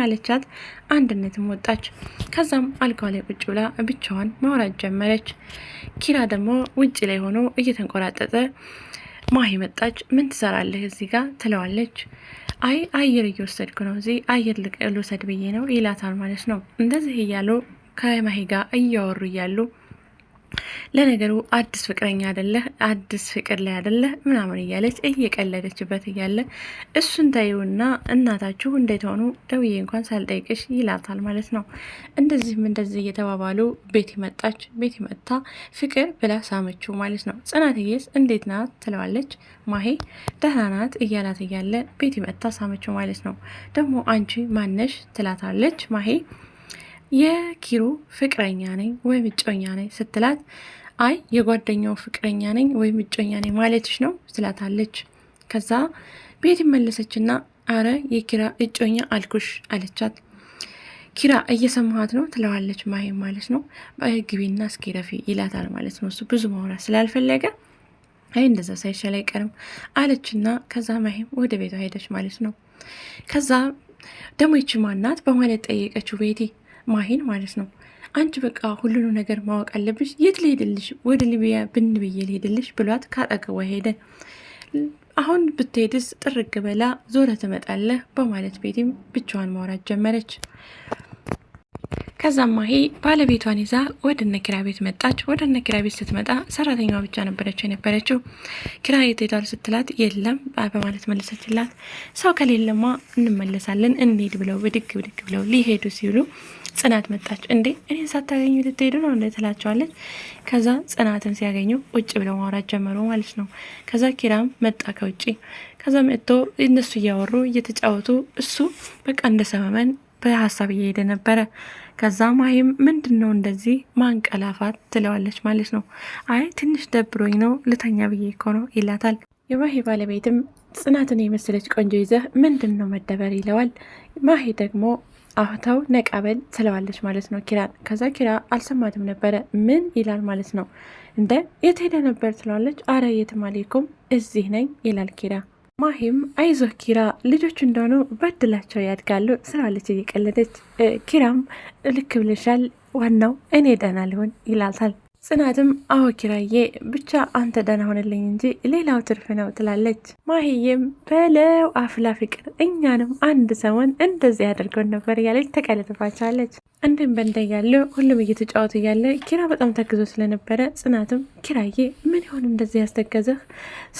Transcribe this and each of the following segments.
ያለቻት አንድነትም ወጣች። ከዛም አልጋው ላይ ቁጭ ብላ ብቻዋን ማውራት ጀመረች። ኪራ ደግሞ ውጭ ላይ ሆኖ እየተንቆራጠጠ ማሂ መጣች። ምን ትሰራለህ እዚህ ጋር ትለዋለች። አይ አየር እየወሰድኩ ነው እዚህ አየር ልውሰድ ብዬ ነው ይላታል ማለት ነው። እንደዚህ እያሉ ከማሂ ጋር እያወሩ እያሉ ለነገሩ አዲስ ፍቅረኛ አደለህ አዲስ ፍቅር ላይ አይደለህ ምናምን እያለች እየቀለደችበት እያለ እሱን ታዩና እናታችሁ እንዴት ሆኑ ደውዬ እንኳን ሳልጠይቅሽ ይላታል ማለት ነው። እንደዚህም እንደዚህ እየተባባሉ ቤት መጣች። ቤት መጥታ ፍቅር ብላ ሳመችው ማለት ነው። ጽናትዬስ እንዴት ናት ትለዋለች። ማሄ ደህና ናት እያላት እያለ ቤት መጥታ ሳመችው ማለት ነው። ደግሞ አንቺ ማነሽ ትላታለች ማሄ የኪሩ ፍቅረኛ ነኝ ወይም እጮኛ ነኝ ስትላት፣ አይ የጓደኛው ፍቅረኛ ነኝ ወይም እጮኛ ነኝ ማለትሽ ነው ስላታለች። ከዛ ቤት መለሰችና አረ የኪራ እጮኛ አልኩሽ አለቻት። ኪራ እየሰማሃት ነው ትለዋለች። ማይ ማለት ነው በህግቢና እስኪረፊ ይላታል ማለት ነው። እሱ ብዙ ማውራት ስላልፈለገ አይ እንደዛ ሳይሻል አይቀርም አለችና ከዛ ማሄም ወደ ቤቷ ሄደች ማለት ነው። ከዛ ደግሞ ይቺ ማናት በማለት ጠየቀችው ቤቴ ማሄን ማለት ነው። አንቺ በቃ ሁሉኑ ነገር ማወቅ አለብሽ፣ የት ልሄድልሽ? ወደ ሊቢያ ብን ብዬ ልሄድልሽ ብሏት ካጠገቧ ሄደ። አሁን ብትሄድስ ጥርግ በላ ዞረ ትመጣለህ በማለት ቤቲም ብቻዋን ማውራት ጀመረች። ከዛም ማሂ ባለቤቷን ይዛ ወደ እነ ኪራ ቤት መጣች። ወደ እነ ኪራ ቤት ስትመጣ ሰራተኛዋ ብቻ ነበረችው የነበረችው። ኪራ የት ሄዷል ስትላት የለም በማለት መለሰችላት። ሰው ከሌለማ እንመለሳለን እንሄድ ብለው ብድግ ብድግ ብለው ሊሄዱ ሲሉ ጽናት መጣች። እንዴ እኔን ሳታገኙ ልትሄዱ ነው እንደ ትላቸዋለች። ከዛ ጽናትን ሲያገኙ ውጭ ብለው ማውራት ጀመሩ ማለት ነው። ከዛ ኪራም መጣ ከውጭ። ከዛ መጥቶ እነሱ እያወሩ እየተጫወቱ እሱ በቃ እንደ ሰመመን በሀሳብ እየሄደ ነበረ። ከዛ ማይም ምንድን ነው እንደዚህ ማንቀላፋት ትለዋለች ማለት ነው። አይ ትንሽ ደብሮኝ ነው ልተኛ ብዬ እኮ ነው ይላታል። የማሄ ባለቤትም ጽናትን የመሰለች ቆንጆ ይዘህ ምንድን ነው መደበር ይለዋል። ማሄ ደግሞ አህታው ነቀበል ትለዋለች ማለት ነው ኪራን። ከዛ ኪራ አልሰማትም ነበረ ምን ይላል ማለት ነው። እንደ የት ሄደ ነበር ትለዋለች። አረ የትም አልሄድኩም እዚህ ነኝ ይላል ኪራ። ማሂም አይዞህ ኪራ ልጆች እንደሆኑ በድላቸው ያድጋሉ ስለዋለች እየቀለደች ኪራም ልክ ብለሻል፣ ዋናው እኔ ደህና ልሆን ይላታል። ጽናትም አዎ ኪራዬ ብቻ አንተ ደህና ሆነለኝ እንጂ ሌላው ትርፍ ነው ትላለች። ማህዬም በለው አፍላ ፍቅር እኛንም አንድ ሰሞን እንደዚህ አድርገን ነበር እያለች ተቀልጥፋቸዋለች። እንድም በእንደ ያለ ሁሉም እየተጫወቱ እያለ ኪራ በጣም ተግዞ ስለነበረ ጽናትም ኪራዬ ምን ይሆን እንደዚህ ያስተገዘህ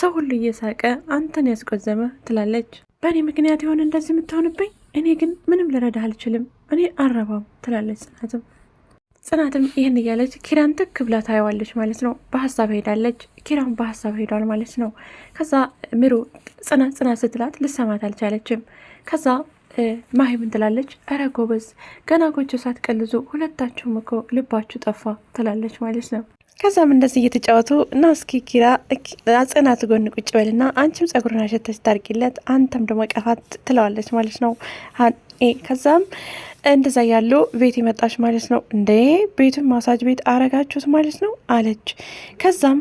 ሰው ሁሉ እየሳቀ አንተን ያስቆዘመ ትላለች። በእኔ ምክንያት ይሆን እንደዚህ የምትሆንብኝ? እኔ ግን ምንም ልረዳህ አልችልም። እኔ አረባም ትላለች ጽናትም ጽናትም ይህን እያለች ኪራን ትክ ብላ ታየዋለች ማለት ነው። በሀሳብ ሄዳለች። ኪራን በሀሳብ ሄዷል ማለት ነው። ከዛ ምሩ ጽናት ጽናት ስትላት ልሰማት አልቻለችም። ከዛ ማሂ ምን ትላለች? እረ ጎበዝ፣ ገና ጎጆ ሳትቀልዙ ሁለታችሁም እኮ ልባችሁ ጠፋ ትላለች ማለት ነው። ከዛም እንደዚህ እየተጫወቱ እና እስኪ ኪራ ጽናት ጎን ቁጭ በልና አንቺም ጸጉርን አሸተሽ ታርቂለት አንተም ደግሞ ቀፋት ትለዋለች ማለት ነው። ከዛም እንደዛ ያለው ቤት የመጣች ማለት ነው። እንዴ ቤቱን ማሳጅ ቤት አረጋችሁት ማለት ነው አለች። ከዛም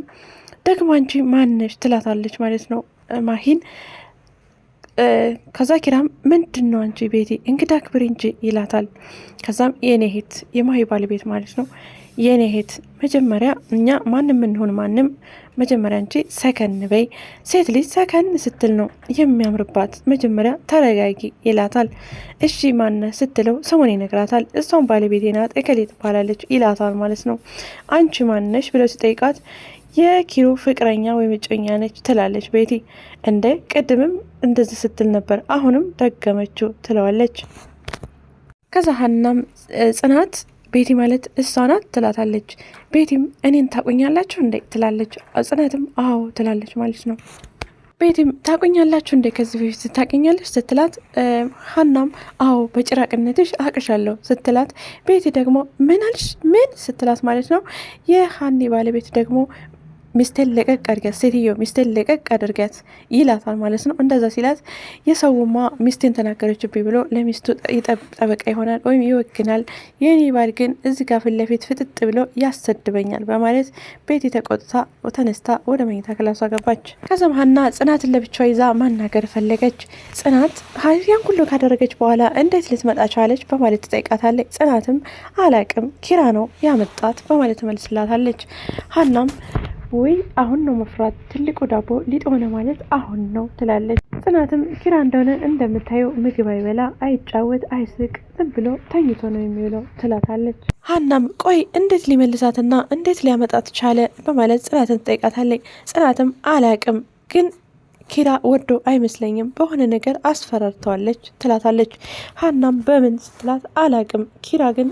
ደግሞ አንቺ ማነሽ ትላታለች ማለት ነው ማሂን ከዛ ኪራም ምንድን ነው አንቺ ቤቴ እንግዳ ክብር እንጂ ይላታል። ከዛም የኔ ሄት የማሂ ባለቤት ማለት ነው የኔ እህት መጀመሪያ እኛ ማንም እንሆን ማንም መጀመሪያ እንጂ ሰከን በይ። ሴት ልጅ ሰከን ስትል ነው የሚያምርባት። መጀመሪያ ተረጋጊ ይላታል። እሺ ማነ ስትለው ሰሞኔ ይነግራታል። እሷን ባለቤቴ ናት እከሌ ትባላለች ይላታል ማለት ነው። አንቺ ማነሽ ብለው ሲጠይቃት የኪሩ ፍቅረኛ ወይም እጮኛ ነች ትላለች ቤቲ። እንደ ቅድምም እንደዚህ ስትል ነበር፣ አሁንም ደገመችው ትለዋለች። ከዛ ሀናም ጽናት ቤቲ ማለት እሷ ናት ትላታለች። ቤቲም እኔን ታቆኛላችሁ እንዴ ትላለች። ጽናትም አዎ ትላለች ማለት ነው። ቤቲም ታቆኛላችሁ እንዴ ከዚህ በፊት ስታቀኛለች ስትላት፣ ሀናም አዎ በጭራቅነትሽ አቅሻለሁ ስትላት፣ ቤቲ ደግሞ ምን አልሽ ምን ስትላት ማለት ነው። የሀኒ ባለቤት ደግሞ ሚስቴን ለቀቅ አድርጊያት፣ ሴትዮ ሚስቴን ለቀቅ አድርጊያት ይላታል ማለት ነው። እንደዛ ሲላት የሰውማ ሚስቴን ተናገረችብኝ ብሎ ለሚስቱ ጠበቃ ይሆናል ወይም ይወግናል። የኔ ባል ግን እዚህ ጋር ፊት ለፊት ፍጥጥ ብሎ ያሰድበኛል በማለት ቤት የተቆጥታ ተነስታ ወደ መኝታ ክላሷ ገባች። ከዛም ሀና ጽናትን ይዛ ማናገር ፈለገች። ጽናት ያን ሁሉ ካደረገች በኋላ እንዴት ልትመጣ ቻለች በማለት ትጠይቃታለች። ጽናትም አላቅም ኪራ ነው ያመጣት በማለት መልስላታለች። ሀናም ወይ አሁን ነው መፍራት ትልቁ ዳቦ ሊጥ ሆነ ማለት አሁን ነው ትላለች። ጽናትም ኪራ እንደሆነ እንደምታየው ምግብ አይበላ፣ አይጫወት፣ አይስቅ ዝም ብሎ ተኝቶ ነው የሚውለው ትላታለች። ሀናም ቆይ እንዴት ሊመልሳትና እንዴት ሊያመጣት ቻለ በማለት ጽናትን ትጠይቃታለች። ጽናትም አላቅም ግን ኪራ ወዶ አይመስለኝም በሆነ ነገር አስፈራርተዋለች ትላታለች። ሀናም በምን ስትላት አላቅም ኪራ ግን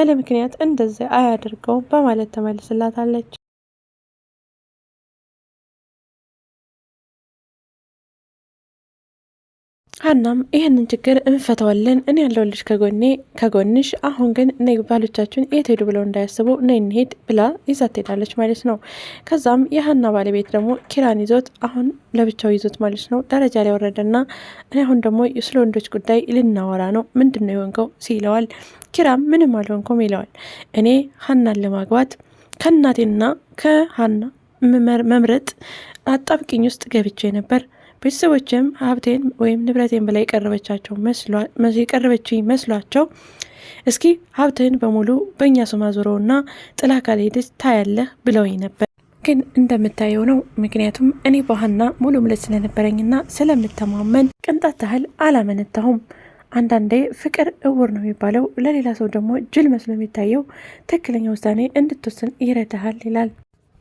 ያለ ምክንያት እንደዚያ አያደርገውም በማለት ተመልስላታለች። ሀናም ይህንን ችግር እንፈተዋለን፣ እኔ ያለሁልሽ ከጎኔ ከጎንሽ፣ አሁን ግን ነይ ባሎቻችን የት ሄዱ ብለው እንዳያስቡ ነይ እንሄድ ብላ ይዛት ትሄዳለች ማለት ነው። ከዛም የሀና ባለቤት ደግሞ ኪራን ይዞት አሁን ለብቻው ይዞት ማለት ነው ደረጃ ላይ ወረደና እኔ አሁን ደግሞ ስለ ወንዶች ጉዳይ ልናወራ ነው ምንድን ነው የሆንከው ሲለዋል። ኪራም ምንም አልሆንኩም ይለዋል። እኔ ሀናን ለማግባት ከእናቴና ከሀና መምረጥ አጣብቂኝ ውስጥ ገብቼ ነበር ቤተሰቦችም ሀብቴን ወይም ንብረቴን ብላ የቀረበቻቸው የቀረበች መስሏቸው እስኪ ሀብትህን በሙሉ በእኛ ስም አዙረውና ጥላ ካልሄደች ታያለህ ብለውኝ ነበር። ግን እንደምታየው ነው። ምክንያቱም እኔ በሀና ሙሉ ምለት ስለነበረኝና ስለምተማመን ቅንጣት ታህል አላመነታሁም። አንዳንዴ ፍቅር እውር ነው የሚባለው፣ ለሌላ ሰው ደግሞ ጅል መስሎ የሚታየው ትክክለኛ ውሳኔ እንድትወስን ይረዳሃል ይላል።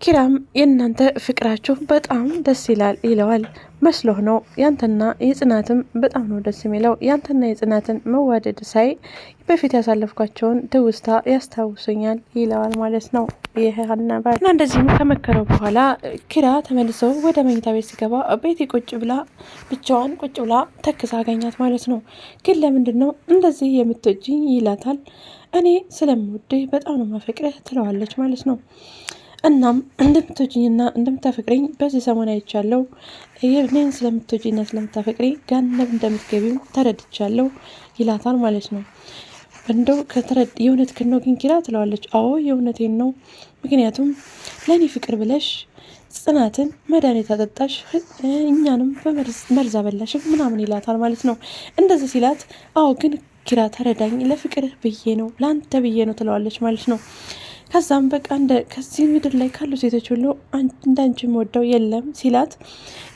ኪራም የእናንተ ፍቅራችሁ በጣም ደስ ይላል ይለዋል። መስሎህ ነው ያንተና የጽናትም በጣም ነው ደስ የሚለው። ያንተና የጽናትን መዋደድ ሳይ በፊት ያሳለፍኳቸውን ትውስታ ያስታውሱኛል ይለዋል ማለት ነው። ይህ እና እንደዚህም ከመከረው በኋላ ኪራ ተመልሶ ወደ መኝታ ቤት ሲገባ ቤቴ ቁጭ ብላ ብቻዋን ቁጭ ብላ ተክዛ አገኛት ማለት ነው። ግን ለምንድን ነው እንደዚህ የምትወጂኝ ይላታል። እኔ ስለምወድህ በጣም ነው ማፈቅርህ ትለዋለች ማለት ነው። እናም እንደምትወጂኝና እንደምታፈቅሪኝ በዚህ ሰሞን አይቻለሁ። እኔን ስለምትወጂና ስለምታፈቅሪኝ ገሃነም እንደምትገቢም ተረድቻለሁ ይላታል ማለት ነው። እንደው ከተረድ የእውነት ክን ግን ኪራ ትለዋለች። አዎ የእውነቴን ነው፣ ምክንያቱም ለእኔ ፍቅር ብለሽ ጽናትን መድኃኒት አጠጣሽ፣ እኛንም በመርዝ አበላሽ ምናምን ይላታል ማለት ነው። እንደዚህ ሲላት አዎ ግን ኪራ ተረዳኝ፣ ለፍቅር ብዬ ነው ለአንተ ብዬ ነው ትለዋለች ማለት ነው። ከዛም በቃ ከዚህ ምድር ላይ ካሉ ሴቶች ሁሉ እንዳንቺ የምወደው የለም ሲላት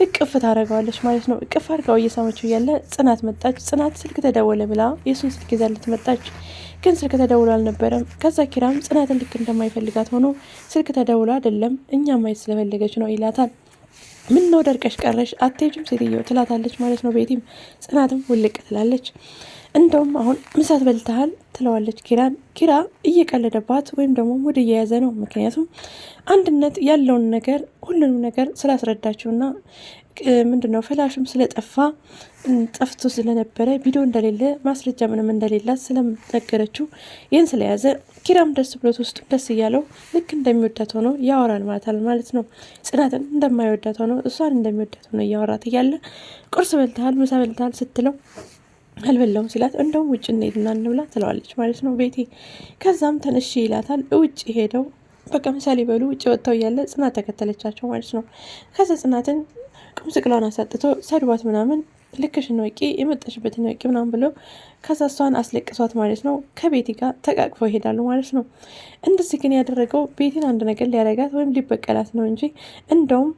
እቅፍ ታደርገዋለች ማለት ነው። እቅፍ አድርጋው እየሳመችው እያለ ጽናት መጣች። ጽናት ስልክ ተደወለ ብላ የእሱን ስልክ ይዛለት መጣች። ግን ስልክ ተደውሎ አልነበረም። ከዛ ኪራም ጽናትን ልክ እንደማይፈልጋት ሆኖ ስልክ ተደውሎ አይደለም እኛ ማየት ስለፈለገች ነው ይላታል። ምን ነው ደርቀሽ ቀረሽ አትሄጂም ሴትዮ ትላታለች ማለት ነው። ቤቲም ጽናትም ውልቅ ትላለች። እንደውም አሁን ምሳት በልተሃል ትለዋለች ኪራን። ኪራ እየቀለደባት ወይም ደግሞ ሙድ እየያዘ ነው። ምክንያቱም አንድነት ያለውን ነገር ሁሉንም ነገር ስላስረዳችውና ምንድን ነው ፍላሽም ስለጠፋ ጠፍቶ ስለነበረ ቪዲዮ እንደሌለ ማስረጃ ምንም እንደሌላት ስለነገረችው ይህን ስለያዘ ኪራም ደስ ብሎት ውስጡ ደስ እያለው ልክ እንደሚወዳት ሆኖ ያወራል ማለት ነው። ጽናትን እንደማይወዳት ሆኖ እሷን እንደሚወዳት ሆኖ እያወራት እያለ ቁርስ በልተሃል፣ ምሳ በልተሃል ስትለው አልበላውም ሲላት እንደውም ውጭ እንሄድና እንብላ ትለዋለች ማለት ነው ቤቴ። ከዛም ተነሽ ይላታል። ውጭ ሄደው በቃ ምሳሌ በሉ ውጭ ወጥተው እያለ ጽናት ተከተለቻቸው ማለት ነው። ከዛ ጽናትን ቁም ስቅሏን አሳጥቶ ሰድባት ምናምን ልክሽን ወቂ የመጣሽበትን ወቂ ምናምን ብሎ ከዛ እሷን አስለቅሷት ማለት ነው። ከቤቲ ጋር ተቃቅፈው ይሄዳሉ ማለት ነው። እንደዚህ ግን ያደረገው ቤቲን አንድ ነገር ሊያረጋት ወይም ሊበቀላት ነው እንጂ እንደውም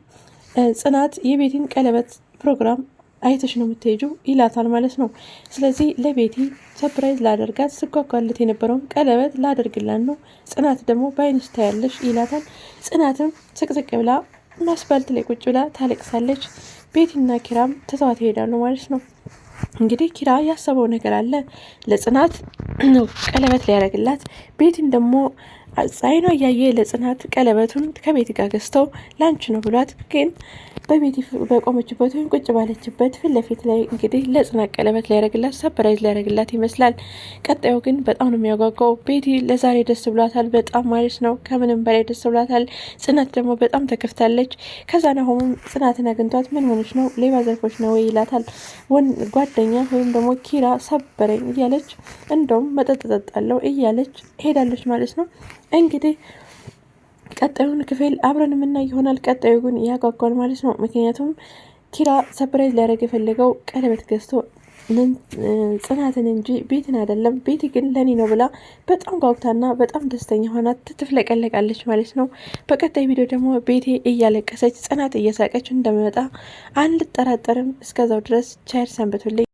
ጽናት የቤቲን ቀለበት ፕሮግራም አይተሽ ነው የምትሄጁ ይላታል ማለት ነው። ስለዚህ ለቤቲ ሰፕራይዝ ላደርጋት ስጓጓለት የነበረውን ቀለበት ላደርግላት ነው። ጽናት ደግሞ በአይንሽ ታያለሽ ይላታል። ጽናትም ስቅስቅ ብላ አስፋልት ላይ ቁጭ ብላ ታለቅሳለች። ቤቲና ኪራም ትተዋት ይሄዳሉ ማለት ነው። እንግዲህ ኪራ ያሰበው ነገር አለ። ለጽናት ቀለበት ሊያደርግላት፣ ቤቲን ደግሞ ፀሐይኗ እያየ ለጽናት ቀለበቱን ከቤት ጋር ገዝተው ላንች ነው ብሏት፣ ግን በቤት በቆመችበት ወይም ቁጭ ባለችበት ፊት ለፊት ላይ እንግዲህ ለጽናት ቀለበት ሊያደርግላት ሰፕራይዝ ሊያደርግላት ይመስላል። ቀጣዩ ግን በጣም ነው የሚያጓጓው። ቤቲ ለዛሬ ደስ ብሏታል፣ በጣም ማለት ነው ከምንም በላይ ደስ ብሏታል። ጽናት ደግሞ በጣም ተከፍታለች። ከዛ ናሆምም ጽናትን አግኝቷት ምን ሆነች ነው ሌባ ዘርፎች ነው ወይ ይላታል። ወን ጓደኛ ወይም ደግሞ ኪራ ሰበረኝ እያለች እንደውም መጠጥ ጠጣለው እያለች ሄዳለች ማለት ነው። እንግዲህ ቀጣዩን ክፍል አብረን የምናይ ይሆናል። ቀጣዩ ግን ያጓጓል ማለት ነው። ምክንያቱም ኪራ ሰፕራይዝ ሊያደርግ የፈለገው ቀለበት ገዝቶ ጽናትን እንጂ ቤትን አይደለም። ቤት ግን ለኔ ነው ብላ በጣም ጓጉታና በጣም ደስተኛ ሆና ትትፍለቀለቃለች ማለት ነው። በቀጣይ ቪዲዮ ደግሞ ቤቴ እያለቀሰች ጽናት እየሳቀች እንደመጣ አንልጠራጠርም። እስከዛው ድረስ ቻይር ሰንብቱልኝ።